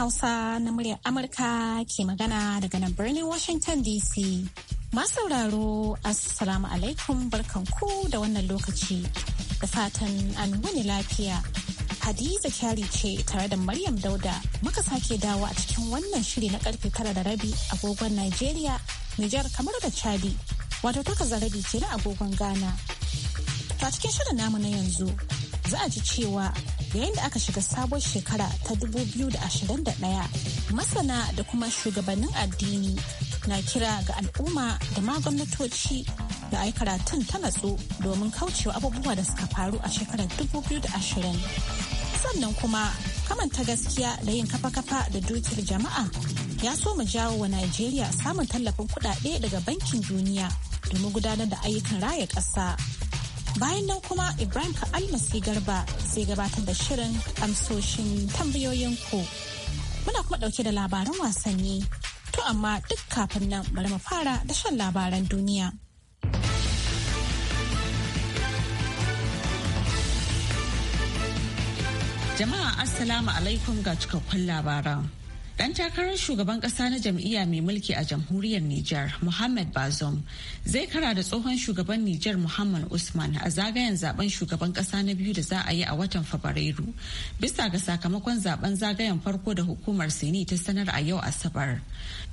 Hausa na muryar Amurka ke magana daga nan birnin Washington DC. Masu sauraro Assalamu alaikum barkanku da wannan lokaci. Da fatan an wani lafiya. Hadiza kyari ce tare da Maryam Dauda muka sake dawo a cikin wannan shiri na karfe tara da rabi agogon Najeriya, Nijar kamar da Chadi, wato takwas rabi ke na agogon Ghana. A cikin shirin namu na yanzu za a ji cewa yayin da aka shiga sabon shekara ta 2021 masana da kuma shugabannin addini na kira ga al'umma da ma gwamnatoci da ai karatun ta natsu domin kaucewa abubuwa da suka faru a shekarar 2020 sannan kuma kamanta gaskiya da yin kafa-kafa da dukiyar jama'a ya so mu jawo wa nigeria samun tallafin kudade daga bankin duniya domin gudanar da ayyukan raya ƙasa. bayan nan kuma ibrahim almasi garba zai gabatar da shirin amsoshin tambayoyin ku muna kuma dauke da labaran wasanni to amma duk kafin nan bari mu fara da shan labaran duniya jama'a assalamu alaikum ga cikakkun labaran Ɗan takarar shugaban ƙasa na jam'iyya mai mulki a jamhuriyar Nijar, Muhammad Bazoum, zai kara da tsohon shugaban Nijar Muhammad Usman a zagayen zaben shugaban ƙasa na biyu da za a yi a watan Fabrairu, bisa ga sakamakon zaben zagayen farko da hukumar Sini ta sanar a yau Asabar.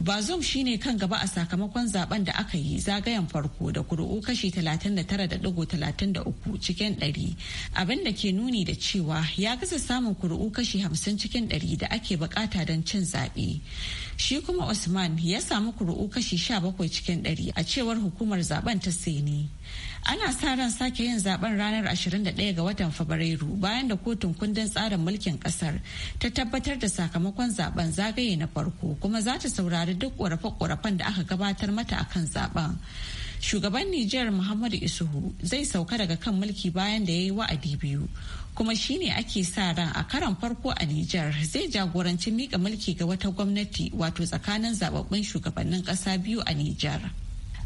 Bazoum shine kan gaba a sakamakon zaben da aka yi zagayen farko da kuri'u kashi 39.33 cikin 100, abin da ke nuni da cewa ya gaza samun kuri'u kashi 50 cikin 100 da ake bukata don cin zaɓe. Shi kuma Usman ya samu kuru'u kashi 17 cikin ɗari a cewar hukumar zaben ta saini. Ana sa ran sake yin zaben ranar 21 ga watan Fabrairu bayan da kotun kundin tsarin mulkin kasar ta tabbatar da sakamakon zaben zagaye na farko kuma za ta saurari duk ƙorafe-ƙorafen da aka gabatar mata akan zaben. shugaban Nijar Muhammadu Isuhu zai sauka daga kan mulki bayan da ya yi wa'adi biyu. Kuma shine ake sa ran a karan farko a Nijar zai jagoranci mika mulki ga wata gwamnati wato tsakanin zababbin shugabannin ƙasa biyu a Nijar.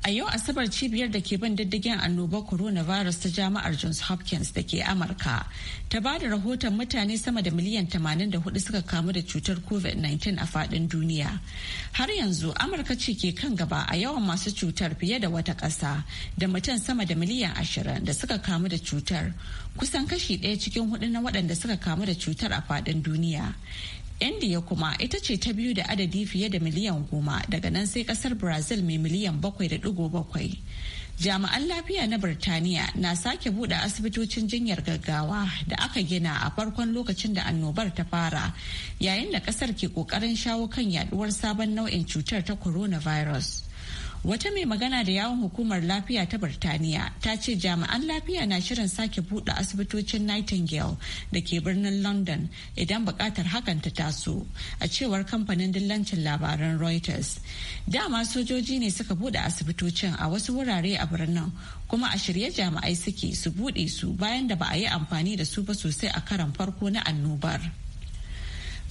A yau Asabar cibiyar da ke bin diddigin annobar coronavirus ta jami'ar Johns Hopkins da ke Amurka ta ba da rahoton mutane sama da miliyan 84 suka kamu da cutar COVID-19 a fadin duniya. Har yanzu Amurka ce ke kan gaba a yawan masu cutar fiye da wata ƙasa da mutum sama da miliyan 20 da suka kamu da cutar kusan kashi ɗaya cikin hudu na waɗanda suka kamu da cutar a fadin duniya. India kuma ita ce ta biyu da adadi fiye da miliyan goma daga nan sai kasar brazil mai miliyan bakwai da dugo bakwai jami'an lafiya na birtaniya na sake bude asibitocin jinyar gaggawa da aka gina a farkon lokacin da annobar ta fara yayin da kasar ke kokarin shawo kan yaduwar sabon nau'in cutar ta coronavirus Wata mai magana da yawon hukumar lafiya ta Birtaniya ta ce jami'an lafiya na shirin sake buɗe asibitocin Nightingale da ke birnin London idan bukatar hakan ta taso, a cewar kamfanin dillancin labaran Reuters. Dama sojoji ne suka buɗe asibitocin a wasu wurare a birnin kuma a shirye jami'ai suke su buɗe su bayan da ba a yi amfani da su ba sosai a karan farko na annobar.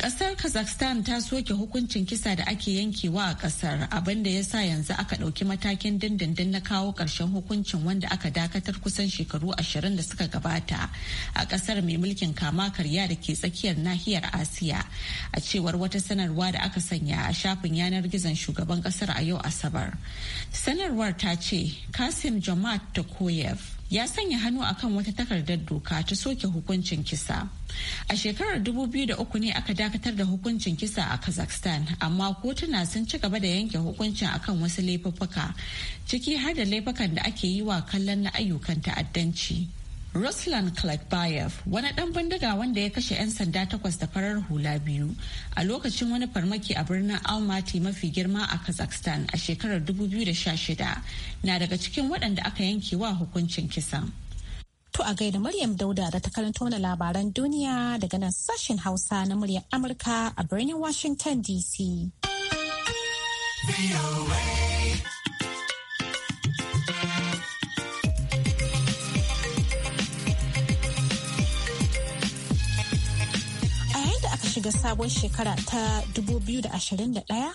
Kasar Kazakhstan ta soke hukuncin kisa da ake yankewa a kasar abinda ya sa yanzu aka ɗauki matakin dindindin na kawo ƙarshen hukuncin wanda aka dakatar kusan shekaru ashirin da suka gabata a kasar mai mulkin kama karya da ke tsakiyar nahiyar Asiya a cewar wata sanarwa da aka sanya a shafin yanar gizon shugaban kasar a yau Asabar. Sanarwar ta ce Kasim Jamaat Tokoyev ya sanya hannu akan wata takardar doka ta soke hukuncin kisa. A shekarar 2003 ne aka dakatar da hukuncin kisa a Kazakhstan, amma kotuna sun ci gaba da yanke hukuncin akan wasu laifuffuka, ciki har da laifukan da ake yi wa kallon na ayyukan ta'addanci. Ruslan Klakbayev wani ɗan bindiga wanda ya kashe 'yan sanda takwas da farar hula biyu a lokacin wani farmaki a birnin Almaty mafi girma a Kazakhstan a shekarar 2016 na daga cikin waɗanda aka yanke wa hukuncin kisa. To a gaida Maryam Dauda da ta karanto na labaran duniya daga nan sashen Hausa na muryar Amurka a birnin Washington DC. shiga sabon shekara ta 2021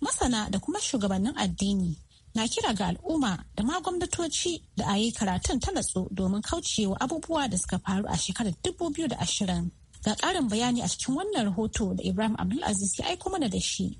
masana da kuma shugabannin addini na kira ga al'umma da ma gwamnatoci da a yi karatun ta natsu domin kaucewa abubuwa da suka faru a shekarar 2020 ga ƙarin bayani a cikin wannan rahoto da ibrahim abdulaziz ya aiko mana da shi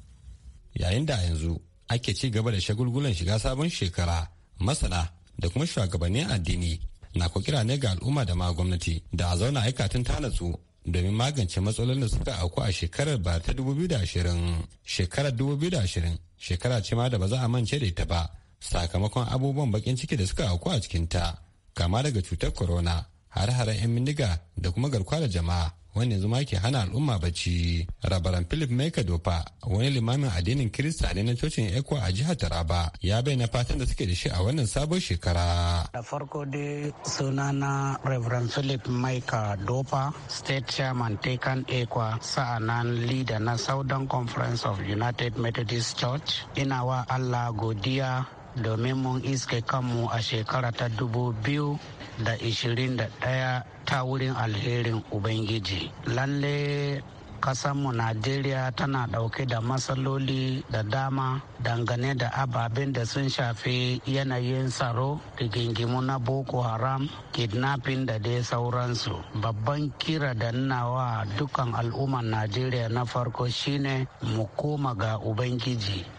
yayin da yanzu ake ci gaba da shagulgulan shiga sabon shekara masana da kuma shugabannin addini na ku kira ne ga al'umma da ma gwamnati da a zauna aikatun ta natsu domin magance matsalolin da suka auku a shekarar ba ta 2020 shekarar 2020 shekara ce ma da ba za a mance da ita ba sakamakon abubuwan bakin ciki da suka auku a cikinta kama daga cutar corona har-haren 'yan mindiga da kuma garkuwa da jama'a wanda yanzu ma ke hana al'umma bacci rabaran philip maika dofa wani limamin addinin kirista ne na cocin eko a jihar taraba ya bayyana fatan da suke da shi a wannan sabon shekara da farko dai sunana reverend philip maika dofa state chairman Taken ekwa sa'anan leader na southern conference of united methodist church ina wa allah godiya domin mun iske kanmu a shekara ta dubu biyu da ishirin da ɗaya ta wurin alherin ubangiji lalle kasanmu najeriya tana ɗauke da matsaloli da dama dangane da ababen da sun shafi yanayin tsaro rigingimu na boko haram kidnapping da dai sauransu babban kira da nawa dukkan al'umman najeriya na farko shine mu koma ga ubangiji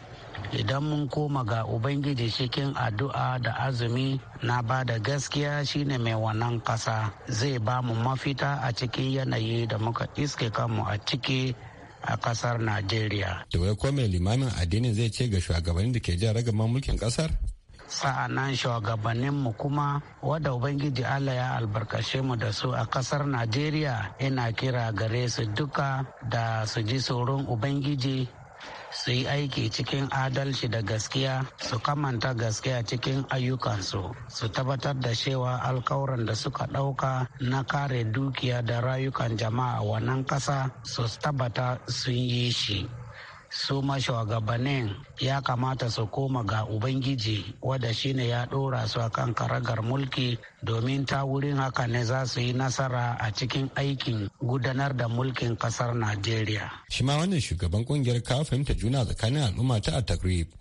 idan mun koma ga ubangiji cikin addu'a da azumi na ba da gaskiya shine mai wannan kasa zai ba mu mafita a cikin yanayi da muka iske kanmu a ciki a kasar najeriya da wai ko mai limamin addinin zai ce ga shugabannin da ke jan ragaman mulkin kasar nan shugabanninmu kuma wadda ubangiji allah ya albarkashe mu da su a kasar najeriya ina kira gare su duka da su ji tsoron ubangiji su yi aiki cikin adalci da gaskiya su kamanta gaskiya cikin ayyukansu su tabbatar da cewa alkawuran da suka ɗauka na kare dukiya da rayukan jama'a wannan ƙasa su tabbata sun yi shi su ma ya kamata su koma ga ubangiji wadda shine ya dora su akan karagar mulki domin ta wurin haka ne za su yi nasara a cikin aikin gudanar da mulkin kasar najeriya shi ma wannan shugaban kungiyar kawo fahimta juna tsakanin al'umma ta a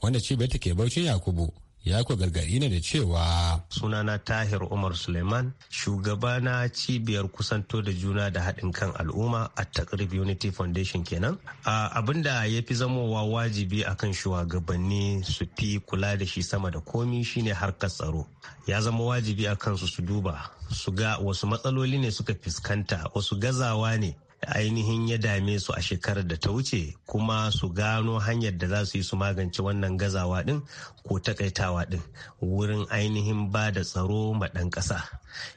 wanda ce bai take bauchi yakubu ya ku gargaɗi ne da cewa sunana tahir umar suleiman shugaba na cibiyar kusanto da juna da haɗin kan al'umma a takrib unity foundation kenan abin da ya fi zamowa wajibi akan shugabanni su fi kula da shi sama da komi shine harkar tsaro ya zama wajibi a kansu su duba su ga wasu matsaloli ne suka fuskanta wasu gazawa ne ainihin ya dame su a shekarar da ta wuce kuma su gano hanyar da za su yi su magance wannan gazawa din ko takaitawa din wurin ainihin ba da tsaro ma ɗan ƙasa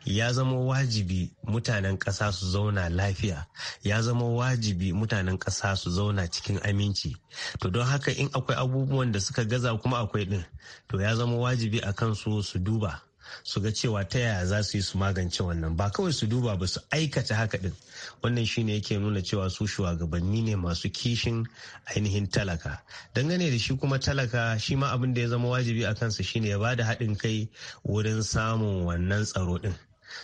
ya zama wajibi mutanen ƙasa su zauna lafiya ya zama wajibi mutanen ƙasa su zauna cikin aminci to don haka in akwai abubuwan da suka gaza kuma akwai ɗin to ya zama wajibi a kansu su duba su ga cewa ta yaya za su yi su magance wannan ba kawai su duba ba su aikata haka din wannan shine yake nuna cewa su shugabanni ne masu kishin ainihin talaka dangane da shi kuma talaka shi ma abin da ya zama wajibi a kansa shine ya ba da haɗin kai wurin samun wannan tsaro din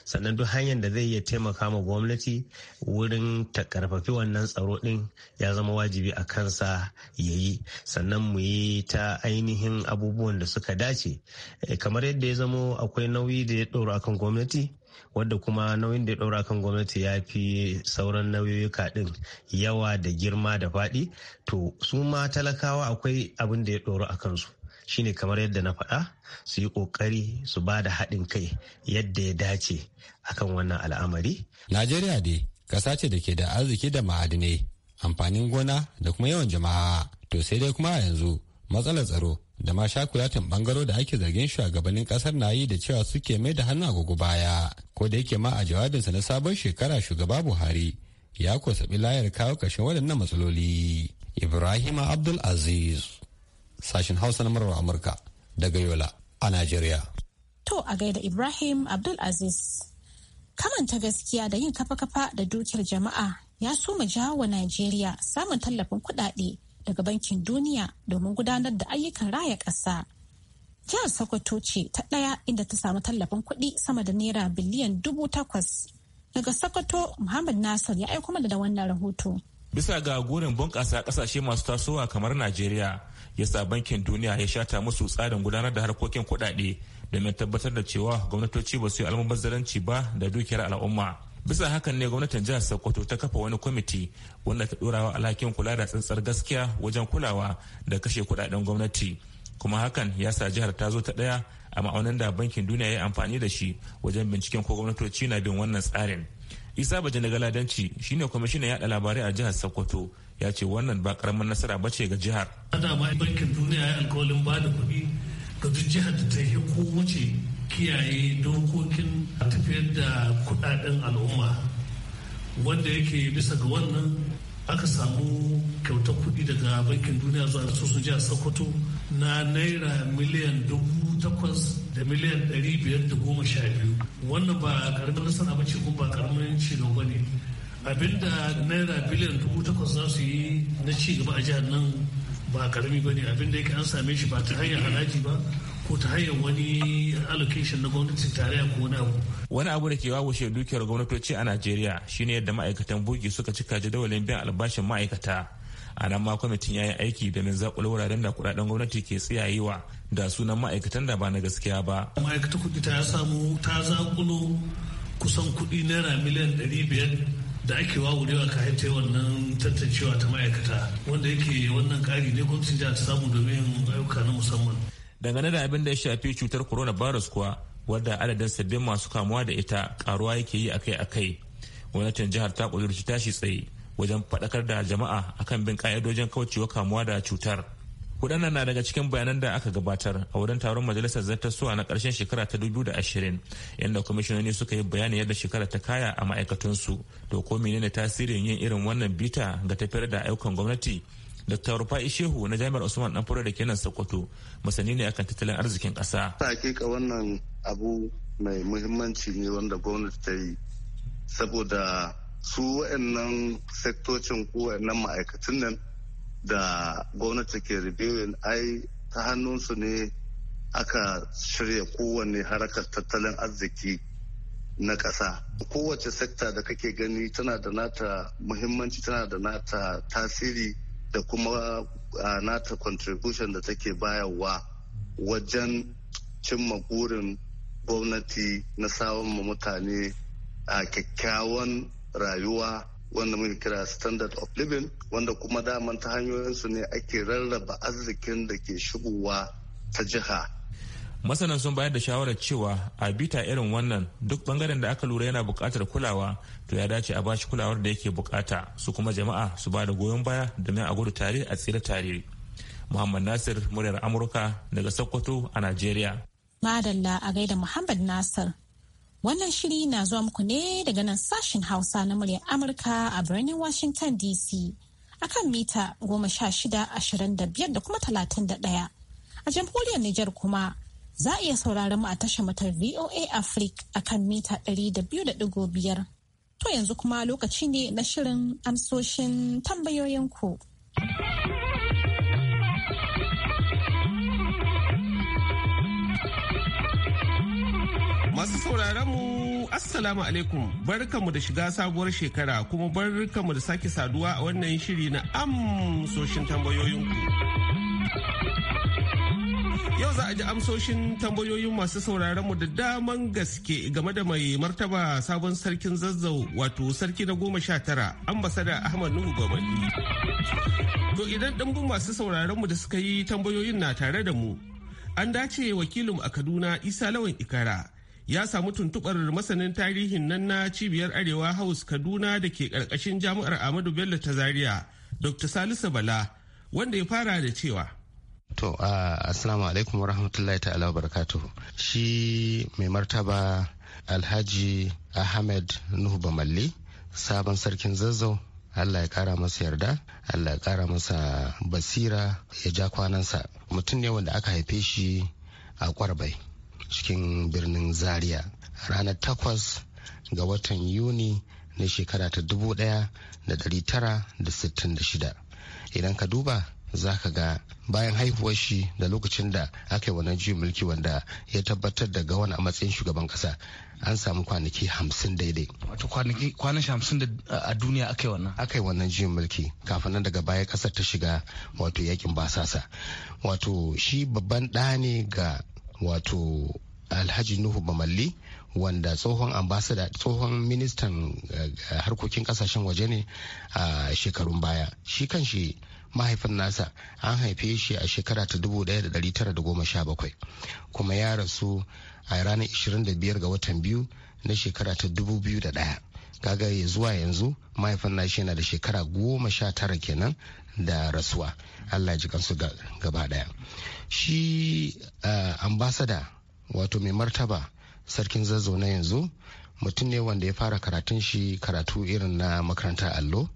sannan duk hanyar da zai iya taimaka ma gwamnati wurin ta karfafi wannan tsaro din ya zama wajibi a kansa ya yi sannan mu yi ta ainihin abubuwan da suka dace eh, kamar yadda ya zamo akwai nauyi da ya ɗora akan gwamnati wadda kuma nauyin da ya ɗaura kan gwamnati ya fi sauran nauyoyuka ɗin yawa da girma da faɗi to su ma talakawa akwai abin da ya ɗori a kansu shine kamar yadda na faɗa su yi ƙoƙari su ba da haɗin kai yadda ya dace akan wannan al'amari. Najeriya dai ƙasa ce da ke da arziki da ma'adinai amfanin gona da kuma yawan jama'a to sai dai kuma a yanzu matsalar tsaro da ma sha shakulatin bangaro da ake zargin shugabannin kasar na yi da cewa suke mai da hannu agogo baya ko da yake ma a jawabinsa na sabon shekara shugaba buhari ya kosabi layar kawo ƙarshen waɗannan matsaloli ibrahim abdul aziz sashen hausa na murar amurka daga yola a najeriya to a gaida ibrahim abdul aziz kamanta gaskiya da yin kafa-kafa da dukiyar jama'a ya suma jawo wa najeriya samun tallafin kuɗaɗe daga bankin duniya domin gudanar da ayyukan raya ƙasa. Jihar Sokoto ce ta ɗaya inda ta samu tallafin kuɗi sama da naira biliyan dubu takwas. Daga Sokoto, Muhammad Nasir ya aiko mana da wannan rahoto. Bisa ga gurin bunƙasa ƙasashe masu tasowa kamar Najeriya, yasa bankin duniya ya shata musu tsarin gudanar da harkokin kuɗaɗe domin tabbatar da cewa gwamnatoci ba su yi almubazzaranci ba da dukiyar al'umma. bisa hakan ne gwamnatin jihar sokoto ta kafa wani kwamiti wanda ta dorawa alhakin kula da tsantsar gaskiya wajen kulawa da kashe kudaden gwamnati kuma hakan ya sa jihar ta zo ta ɗaya a ma'aunin da bankin duniya ya amfani da shi wajen binciken ko gwamnatoci na bin wannan tsarin isa baje na galadanci shine kwamishinan yaɗa labarai a jihar sokoto ya ce wannan ba karamin nasara bace ga jihar. dama bankin duniya ya alkawalin ba da kuɗi ga duk jihar da ta yi ko wuce. kiyaye dokokin tafiyar da kudaden al'umma wanda yake bisa ga wannan aka samu kyauta kuɗi daga bankin duniya zuwa asusun jiya sokoto na naira miliyan dubu takwas da miliyan ɗari biyar da goma sha biyu wannan ba karamin nasara ba ce kuma ba karamin ci gaba ne abinda naira biliyan dubu takwas za su yi na ci gaba a jihar nan ba karami ba ne abinda yake an same shi ba ta hanyar haraji ba ko ta hanyar wani allocation na gwamnatin tarayya ko wani abu. Wani abu da ke wawushe dukiyar gwamnatoci a Najeriya shine yadda ma'aikatan bugi suka cika jadawalin biyan albashin ma'aikata. A nan ma kwamitin ya yi aiki min zaƙulo wuraren da kuɗaɗen gwamnati ke tsayayewa da sunan ma'aikatan da ba na gaskiya ba. ma'aikata kuɗi ta samu ta zaƙulo kusan kuɗi naira miliyan ɗari biyar da ake wawurewa ka haifta wannan tantancewa ta ma'aikata wanda yake wannan ƙari ne gwamnatin jihar ta samu domin ayyuka na musamman. dangane da abin da ya shafi cutar coronavirus kuwa wadda adadin sabbin masu kamuwa da ita karuwa yake yi akai-akai gwamnatin jihar ta kudurci tashi tsaye wajen faɗakar da jama'a akan bin ka'idojin kaucewa kamuwa da cutar waɗannan na daga cikin bayanan da aka gabatar a wurin taron majalisar zartaswa na ƙarshen shekara ta dubu da ashirin inda kwamishinoni suka yi bayani yadda shekara ta kaya a ma'aikatunsu to ko menene tasirin yin irin wannan bita ga tafiyar da ayyukan gwamnati Dr. Rufai Shehu na Jami'ar Usman Danfure da kenan Sokoto masani ne akan tattalin arzikin ƙasa. Hakika wannan abu mai muhimmanci ne wanda gwamnati ta yi saboda su wa'annan sektocin ko wa'annan ma'aikatan nan da gwamnati ke ribewin ai ta hannunsu ne aka shirya kowane harakar tattalin arziki na ƙasa. Kowace sekta da kake gani tana da nata muhimmanci tana da nata tasiri da kuma nata contribution da take bayarwa wajen cimma burin gwamnati na samun mutane a kyakkyawan rayuwa wanda muke kira standard of living wanda kuma daman ta hanyoyinsu ne ake rarraba arzikin da ke shigowa ta jiha masanan sun bayar da shawarar cewa a bita irin wannan duk bangaren da aka lura yana buƙatar kulawa to ya dace a ba shi kulawar da yake bukata su kuma jama'a su ba da goyon baya da domin a gudu tare a tsira tare muhammad nasir muryar amurka daga sokoto a nigeria. madalla a gaida muhammad nasir wannan shiri na zuwa muku ne daga nan sashen hausa na muryar amurka a birnin washington dc akan mita goma sha shida ashirin da biyar da kuma talatin da ɗaya a jamhuriyar niger kuma Za a iya sauraron mu a tashar matar VOA Africa a kan mita 200.5. To yanzu kuma lokaci ne na shirin amsoshin tambayoyinku. Masu sauraron mu Assalamu alaikum barkamu da shiga sabuwar shekara kuma barkamu da sake saduwa a wannan shiri na amsoshin tambayoyinku. Yau za a ji amsoshin tambayoyin masu sauraron mu da daman gaske game da mai martaba sabon sarkin zazzau wato sarki na goma sha tara ambasada Ahmad Nuhu Gwamani. To idan ɗanbun masu sauraron mu da suka yi tambayoyin na tare da mu, an dace wakilin a Kaduna Isa Lawan Ikara ya samu tuntuɓar masanin tarihin nan na cibiyar Arewa House Kaduna da ke ƙarƙashin jami'ar Ahmadu Bello ta Zaria, Dr. Salisu Bala, wanda ya fara da cewa. To, uh, Assalamu alaikum wa rahmatullahi ta'ala barakatu Shi mai martaba Alhaji Ahmed Nuhu Bamalli, sabon sarkin zazzau, Allah ya kara masa yarda, Allah ya kara masa basira ya ja kwanansa. Mutum ne wanda aka haife shi a Kwarbai, cikin birnin Zaria. Ranar takwas ga watan Yuni na shekara ta dubu ɗaya da ɗari tara da sittin da shida. Idan ka duba za ka ga bayan haihuwar shi da lokacin da aka yi wannan juyin mulki wanda ya tabbatar da gawan a matsayin shugaban kasa an samu kwanaki hamsin daidai. Wato kwanaki kwanan hamsin da a duniya aka yi wannan? Aka yi wannan juyin mulki kafin nan daga baya kasar ta shiga wato yakin basasa. Wato shi babban ɗa ne ga wato Alhaji Nuhu Bamalli wanda tsohon ambasada tsohon ministan eh, harkokin kasashen waje ne a shekarun baya shi kan shi mahaifin nasa an haife shi a shekara ta 1917 kuma ya rasu a ranar 25 ga watan biyu na shekara ta 2001 kaga ya zuwa yanzu mahaifin nashi yana da shekara goma sha tara kenan da rasuwa allah ji kansu gaba daya shi ambasada wato mai martaba sarkin zazzau na yanzu mutum ne wanda ya fara karatun shi karatu irin na makaranta allo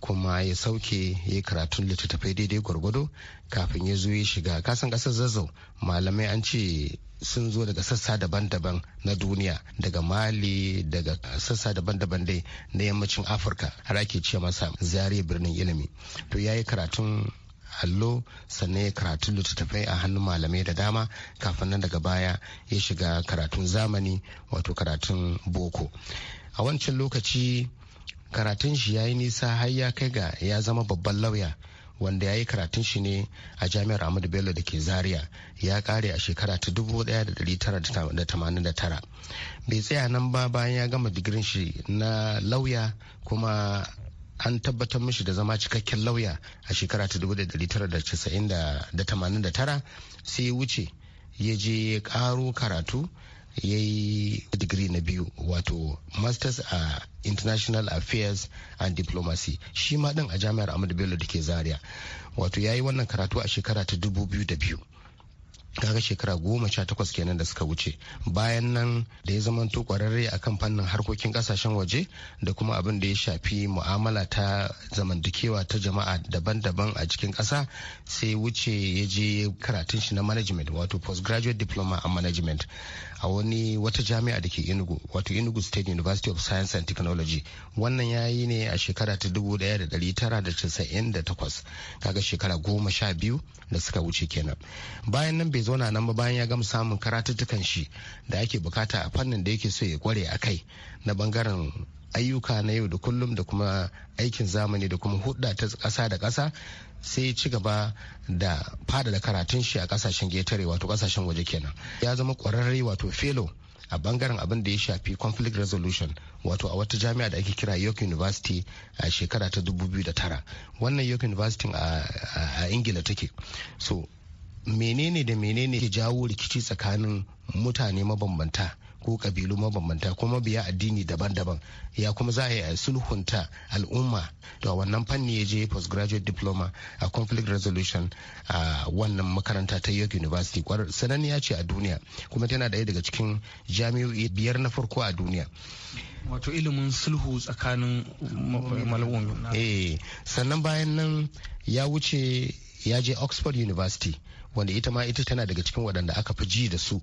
kuma ya sauke ya karatun littattafai daidai gwargwado kafin ya zo ya shiga kasan kasar zazzau malamai an ce sun zo daga sassa daban-daban na duniya daga mali daga sassa daban-daban dai na yammacin afirka har ake ce masa zare birnin ilimi to ya yi karatun allo sannan ya karatun littattafai a hannun malamai da dama kafin nan daga baya ya shiga karatun zamani wato karatun boko a wancan lokaci karatun shi ya yi nisa har ya kai ga ya zama babban lauya wanda ya yi karatun shi ne a jami'ar ahmadu bello da ke zaria ya kare a shekara ta 1989 bai tsaya nan ba bayan ya gama digirin shi na lauya kuma an tabbatar mishi da zama cikakken lauya a shekara ta 1989 sai ya wuce ya je karo karatu ya yi digiri na biyu wato masters a international affairs and diplomacy shi ma din a jami'ar amadu bello da ke zaria wato ya yi wannan karatu a shekara ta dubu da biyu. kaga shekara goma sha takwas kenan da suka wuce bayan nan da ya zama to kwararre kan fannin harkokin kasashen waje da kuma abin da ya shafi mu'amala ta zamantakewa ta jama'a daban-daban a cikin kasa sai wuce ya je karatun shi na management wato postgraduate diploma a management a wani wata jami'a da ke enugu wato inugu state university of science and technology wannan ya yi ne a shekara ta da da da tara 1998 kaga shekara goma sha biyu da suka wuce kenan bayan nan bai zauna nan ba bayan ya gama samun karatuttukan shi da ake bukata a fannin da yake so ya kware a kai na bangaren ayyuka na yau da kullum da kuma aikin zamani da kuma hudda ta kasa da kasa sai ya ci gaba da fadada karatun shi a kasashen getare wato kasashen waje kenan ya zama kwararre wato felo a bangaren abin da ya shafi conflict resolution wato a wata jami'a da ake kira york university a shekara ta 2009 wannan york university a ingila take so menene da menene ke jawo rikici tsakanin mutane mabambanta ko kabilu mabambanta kuma biya addini daban-daban ya kuma za a yi sulhunta al'umma to a wannan fanni ya je postgraduate diploma a conflict resolution a wannan makaranta ta york university Kwarar ya ce a duniya kuma tana daya daga cikin jami'o'i biyar na farko a duniya wato ilimin sulhu tsakanin mal'umma eh, sannan bayan nan ya wuce ya je oxford university wanda ita ma ita tana daga cikin waɗanda aka fi ji da su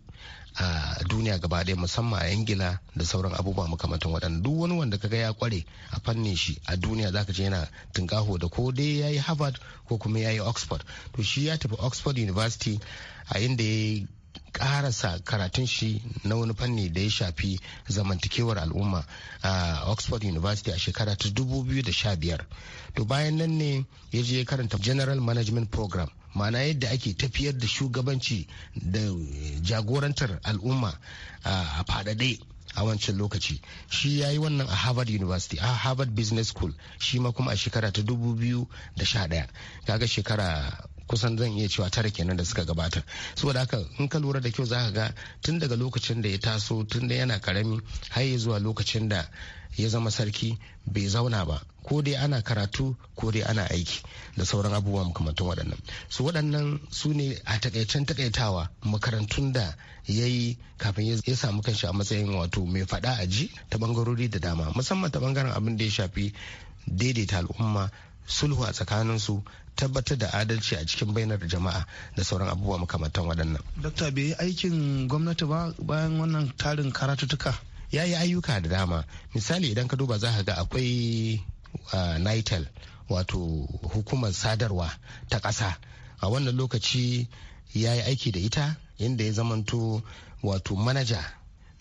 a duniya gaba ɗaya musamman a ingila da sauran abubuwa makamantan waɗanda duk wani wanda kaga ya kware a fannin shi a duniya zaka ce yana tunkaho da ko dai ya yi harvard ko kuma ya yi oxford to shi ya tafi oxford university a inda ya karasa karatun shi na wani fanni da ya shafi zamantakewar al'umma a oxford university a shekara ta 2015 to bayan nan ne ya je karanta general management program ma'ana yadda ake tafiyar da shugabanci da jagorantar al'umma a faɗaɗe a wancan lokaci shi ya yi wannan a harvard university a harvard business school shi ma kuma a shekara ta 2011 kaga shekara kusan zan iya cewa tara kenan da suka gabata saboda haka in ka lura da kyau za ka ga tun daga lokacin da ya taso tun da yana karami har zuwa lokacin da ya zama sarki bai zauna ba ko dai ana karatu ko dai ana aiki da sauran abubuwa makamantan waɗannan su waɗannan su ne a takaicen takaitawa makarantun da ya yi kafin ya samu kanshi a matsayin wato mai faɗa a ji ta bangarori da dama musamman ta bangaren abin da ya shafi daidaita al'umma sulhu a su tabbatar da adalci a cikin bainar jama'a da sauran abubuwa makamantan waɗannan. Dokta bai aikin gwamnati ba bayan wannan tarin karatuttuka? Ya yi ayyuka da dama. Misali idan ka duba za ka ga akwai nitel wato hukumar sadarwa ta ƙasa a wannan lokaci ya yi aiki da ita inda ya zamanto wato manaja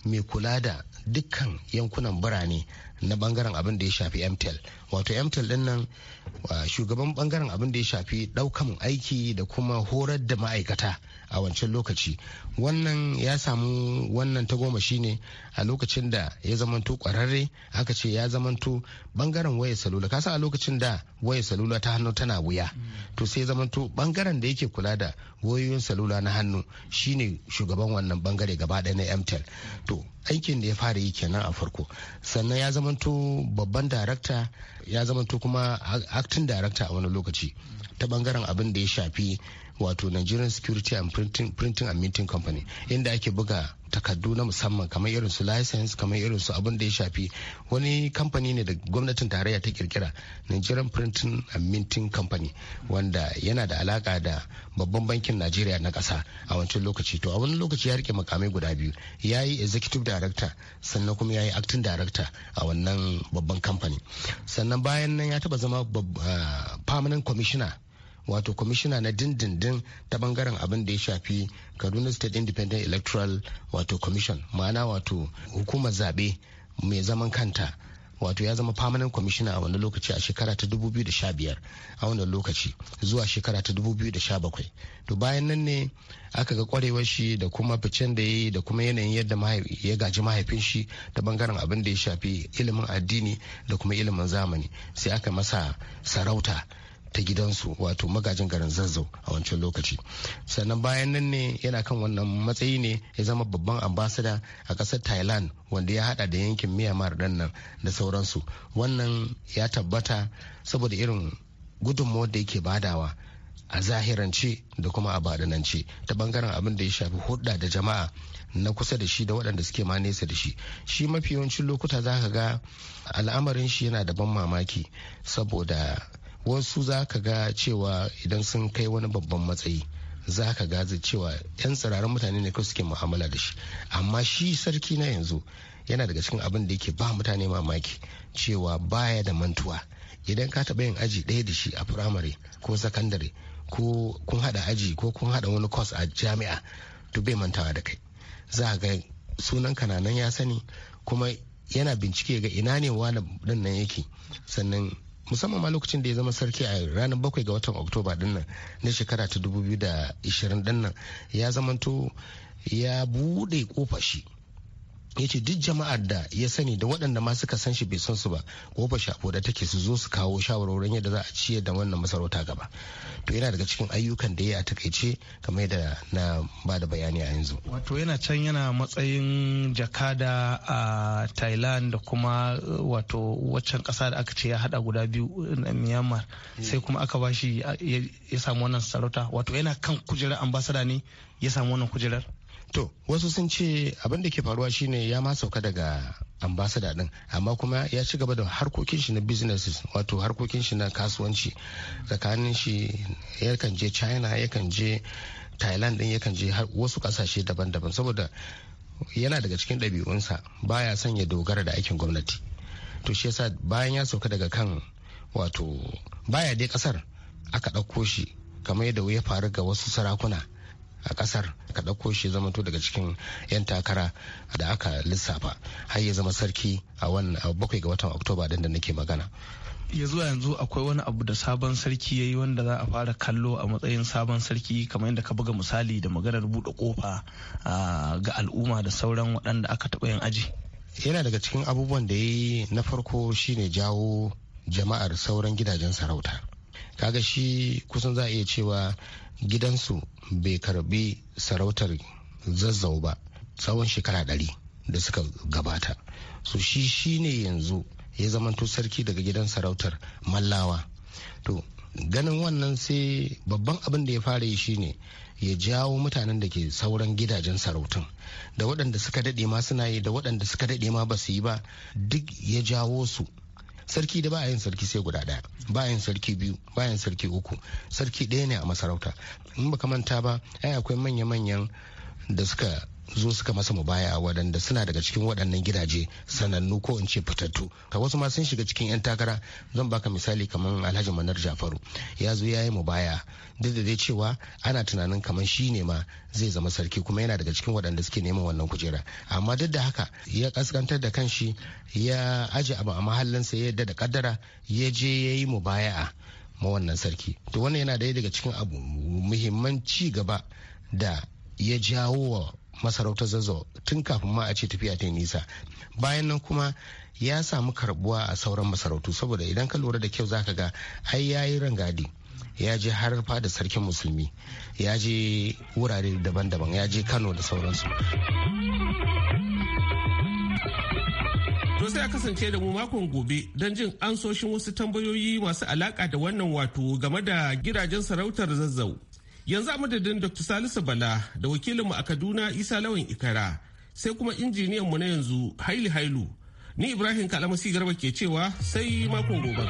mai kula da dukkan yankunan birane na bangaren abin da ya shafi mtel wato mtel din nan shugaban bangaren abin da ya shafi ɗaukan aiki da kuma horar da ma'aikata a wancan lokaci wannan ya samu wannan ta goma shine a lokacin da ya zamanto kwararre aka ce ya zamanto bangaren waya salula kasan a lokacin da waya salula ta hannu tana wuya to sai ya zamanto bangaren da yake kula da wayoyin salula na hannu shine shugaban wannan bangare gaba ɗaya na mtel to aikin da ya fara yi kenan a farko sannan ya zamanto babban darakta ya zamanto kuma acting darakta a wani lokaci ta bangaren abin da ya shafi wato nigerian security and printing, printing and minting company inda ake buga takardu na musamman kamar irin su license kamar irin su abin da ya shafi wani kamfani ne da gwamnatin tarayya ta kirkira nigerian printing and minting company wanda yana da alaka da babban bankin najeriya na kasa a wancan lokaci to a wani lokaci ya rike makamai guda biyu ya yi executive director sannan kuma ya yi acting director a wannan babban kamfani sannan bayan nan ya taba zama ah, permanent commissioner wato kwamishina na dindindin ta bangaren abin da ya shafi kaduna state independent electoral wato commission ma'ana wato hukumar zaɓe mai zaman kanta wato ya zama permanent commissioner a wani lokaci a shekara ta 2015 a wannan lokaci zuwa shekara ta 2017 to bayan nan ne aka ga kwarewar shi da kuma ficen da yi da kuma yanayin yadda ya gaji mahaifin shi ta bangaren abin da ya shafi ilimin addini da kuma ilimin zamani sai aka masa sarauta ta gidansu wato magajin garin zazzau a wancan lokaci sannan bayan nan ne yana kan wannan matsayi ne ya zama babban ambasada a ƙasar thailand wanda ya hada da yankin myanmar ɗan nan da sauransu wannan ya tabbata saboda irin gudunmawar da yake badawa a zahirance da kuma a badanance ta bangaren abin da ya shafi hudda da jama'a na kusa da shi da waɗanda suke ma nesa da shi shi mafi yawancin lokuta za ka ga al'amarin shi yana da ban mamaki saboda wasu za ka ga cewa idan sun kai wani babban matsayi za ka gaza cewa 'yan tsirarin mutane ne suke mu'amala da shi amma shi sarki na yanzu yana daga cikin abin da yake ba mutane mamaki cewa baya da mantuwa idan ka taɓa yin aji ɗaya da shi a firamare ko sakandare ko kun haɗa aji ko kun haɗa wani kwas a jami'a to bai mantawa da kai za ga sunan kananan ya sani kuma yana bincike ga ina ne wani ɗin nan yake sannan musamman ma lokacin da ya zama sarki a ranar bakwai ga watan oktoba dinnan na shekara ta dubu da 2020 dinnan ya zamanto ya bude kofa shi ya ce duk jama'ar da ya sani da waɗanda ma suka san shi bai son su ba ko ba shafo da take su zo su kawo shawarwarin yadda za a ciye da wannan masarauta gaba to yana daga cikin ayyukan da ya a takaice kamar yadda na ba da bayani a yanzu wato yana can yana matsayin jakada a thailand da kuma uh, wato waccan ƙasa da aka ce ya hada guda biyu uh, na myanmar sai kuma aka ba shi uh, ya samu wannan sarauta wato yana kan kujerar ambasada ne ya samu wannan kujerar to wasu sun ce abin da ke faruwa shine ya ma sauka daga ambasada din amma kuma ya ci gaba da harkokin shi na businesses wato harkokin shi na kasuwanci tsakanin shi yakan je china yakan je thailand din yakan je wasu kasashe daban-daban saboda yana daga cikin ɗabi'unsa baya son ya dogara da aikin gwamnati to shi yasa bayan ya sauka daga kan wato baya dai kasar aka ɗauko shi kamar yadda ya faru ga wasu sarakuna a kasar ka ɗauko shi zama to daga cikin 'yan takara da aka lissafa har ya zama sarki a wannan bakwai ga watan oktoba din da nake magana ya zuwa yanzu akwai wani abu da sabon sarki ya yi wanda za a fara kallo a matsayin sabon sarki kamar yadda ka buga misali da maganar buɗe kofa ga al'umma da sauran waɗanda aka taɓa yin aji yana daga cikin abubuwan da ya yi na farko shine jawo jama'ar sauran gidajen sarauta kaga shi kusan za a iya cewa gidansu bai karbi sarautar zazzau ba tsawon shekara ɗari da suka gabata su shi shi ne yanzu ya zamanto sarki daga gidan sarautar mallawa to ganin wannan sai babban abin da ya fara yi shine ya jawo mutanen da ke sauran gidajen sarautun da waɗanda suka daɗe ma suna yi da waɗanda suka daɗe ma ba su yi ba duk ya jawo su sarki da ba a yin sarki sai guda ɗaya bayan sarki biyu bayan sarki uku sarki ɗaya ne a masarauta in baka manta ba ai akwai manya-manyan da suka zo suka masa mu baya waɗanda suna daga cikin waɗannan gidaje sanannu ko in ce fitattu ka wasu ma sun shiga cikin 'yan takara zan baka misali kamar alhaji manar jafaru ya zo ya yi mu baya duk da dai cewa ana tunanin kamar shi ne ma zai zama sarki kuma yana daga cikin waɗanda suke neman wannan kujera amma duk da haka ya kaskantar da kanshi ya aje abu a mahallinsa ya yadda da kaddara ya je ya yi mu baya ma wannan sarki to wannan yana daya daga cikin abu muhimman ci gaba da ya jawo wa masarautar zazzau tun kafin ma a ce tafiya ta nisa bayan nan kuma ya samu karbuwa a sauran masarautu saboda idan ka lura da kyau zaka ga ai ya yi rangadi ya je har fada sarkin musulmi ya je wurare daban-daban ya je kano da sauransu sai a kasance da mu makon gobe don jin ansoshin wasu tambayoyi masu alaka da wannan wato game da gidajen sarautar zazzau. Yanzu a madadin Dr. Salisu Bala da wakilinmu a Kaduna Isa Lawan Ikara sai kuma injiniyan mu na yanzu Haili Hailu. Ni Ibrahim Kalamasi Garba ke cewa sai makon gobe.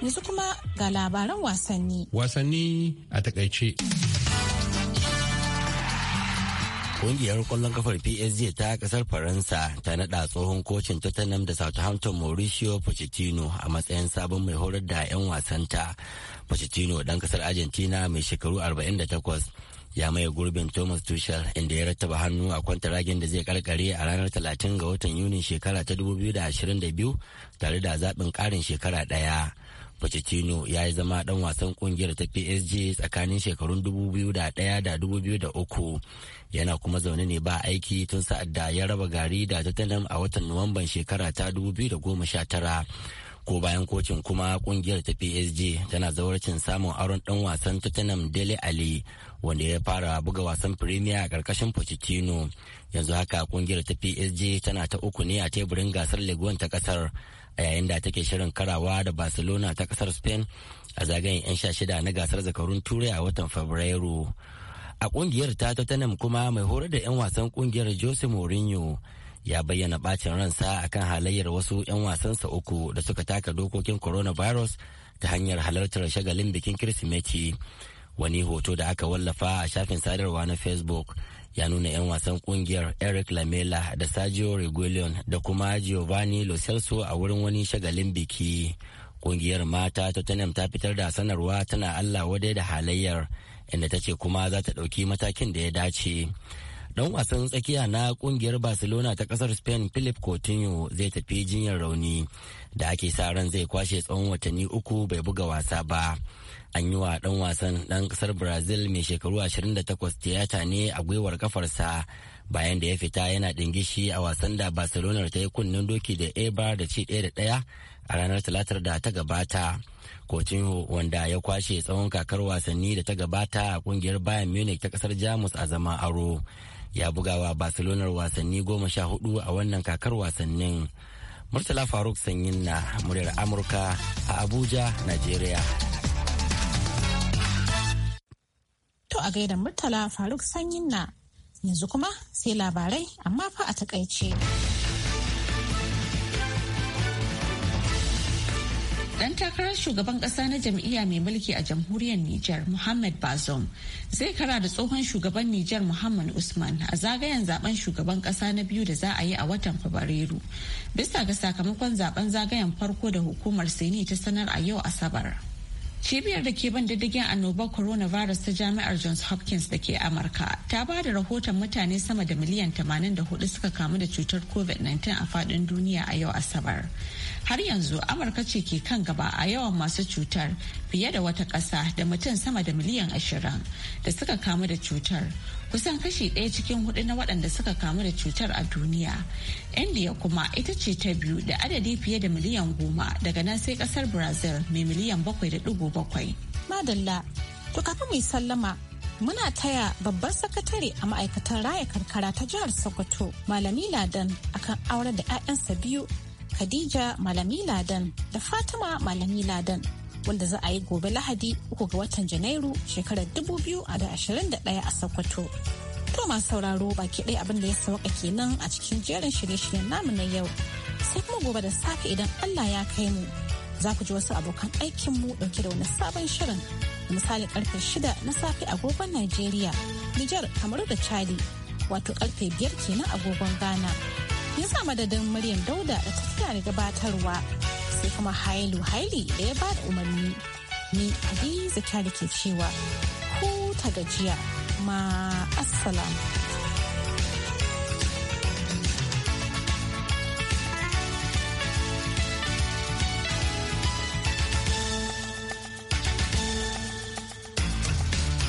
Yanzu kuma ga labaran wasanni. Wasanni a takaice. Ƙungiyar kwallon kafar PSG ta kasar Faransa ta naɗa tsohon kocin Tottenham da Southampton Mauricio Pochettino a matsayin sabon mai horar da 'yan wasanta. Pochettino dan ƙasar Argentina mai shekaru 48 ya maye gurbin Thomas Tuchel inda ya rattaba hannu a kwanta ragin da zai karkare a ranar 30 ga watan Yunin shekara ta 2022 tare da zaɓin ƙarin shekara ɗaya. Pochettino ya yi zama dan wasan kungiyar ta PSG tsakanin shekarun 2001 da 2003 yana kuma zaune ne ba aiki tun sa'ad da ya raba gari da Tottenham a watan Nuwamban shekara ta 2019. ko bayan kocin kuma kungiyar ta PSG tana zawarcin samun aron dan wasan Tottenham Dele Ali wanda ya fara buga wasan Premier a karkashin Pochettino yanzu haka kungiyar ta PSG tana ta uku ne a teburin gasar Ligue ta kasar a yayin da take shirin karawa da barcelona ta kasar spain a zagayen 'yan sha shida na gasar zakarun turai a watan fabrairu a kungiyar ta tottenham kuma mai horar da 'yan wasan kungiyar jose mourinho ya bayyana bacin ransa akan halayyar wasu 'yan wasansa uku da suka taka dokokin coronavirus ta hanyar halartar shagalin bikin kirsimeti wani hoto da aka wallafa a shafin sadarwa na facebook ya nuna 'yan wasan kungiyar eric lamela da sergio reguilon da kuma giovanni lo celso a wurin wani shagalin biki kungiyar mata tottenham ta fitar da sanarwa tana allah wadai da halayyar inda ta ce kuma za ta ɗauki matakin da ya dace Dan wasan tsakiya na kungiyar Barcelona ta kasar Spain Philip Coutinho zai tafi jinyar rauni da ake sa ran zai kwashe tsawon watanni uku bai buga wasa ba. An yi wa dan wasan dan kasar Brazil mai shekaru 28 tiyata ne a gwiwar kafarsa bayan da ya fita yana dingishi a wasan da Barcelona ta yi kunnen doki da Eibar da ci ɗaya da ɗaya a ranar talatar da ta gabata. Coutinho wanda ya kwashe tsawon kakar wasanni da ta gabata a kungiyar Bayern Munich ta kasar Jamus a zama aro. ya buga wa barcelona wasanni goma sha hudu a wannan kakar wasannin murtala faruk sanyin na muryar amurka a abuja nigeria to a gaida murtala faruk sanyin na yanzu kuma sai labarai amma fa a takaice. Dan takarar shugaban kasa na jam'iyya mai mulki a jamhuriyar Nijar Muhammad Bazoum zai kara da tsohon shugaban Nijar Muhammad Usman a zagayen zaben shugaban kasa na biyu da za a yi a watan Fabrairu. Bisa ga sakamakon zaben zagayen farko da hukumar Sini ta sanar a yau Asabar. cibiyar da ke ban diddigin annobar coronavirus ta jami'ar johns hopkins da ke amurka ta ba da rahoton mutane sama da miliyan 84 suka kamu da cutar covid-19 a fadin duniya a yau asabar har yanzu amurka ce ke kan gaba a yawan masu cutar fiye da wata ƙasa da mutum sama da miliyan 20 da suka kamu da cutar kusan kashi ɗaya cikin hudu na waɗanda suka kamu da cutar a duniya india kuma ita ce ta biyu da adadi fiye da miliyan goma daga nan sai ƙasar brazil mai miliyan bakwai da ɗigo bakwai madalla to kafin mai sallama muna taya babban sakatare a ma'aikatar raya karkara ta jihar sokoto malami ladan akan aure da 'ya'yansa biyu khadija malami ladan da fatima malami ladan wanda za a yi gobe lahadi uku ga watan janairu shekarar 2021 a sokoto to masu sauraro baki ɗaya abin da ya sauka kenan a cikin jerin shirye-shiryen namu na yau sai kuma gobe da safe idan allah ya kai mu za ku ji wasu abokan mu ɗauke da wani sabon shirin misali karfe shida na safe agogon Najeriya, Nijar kamar da Chadi, wato karfe biyar kenan agogon Ghana. Ya sa madadin Maryam Dauda da tafiya da gabatarwa sai kuma hailu haili da ya bada umarni ni hadiza da ke cewa ku ta gajiya ma assalamu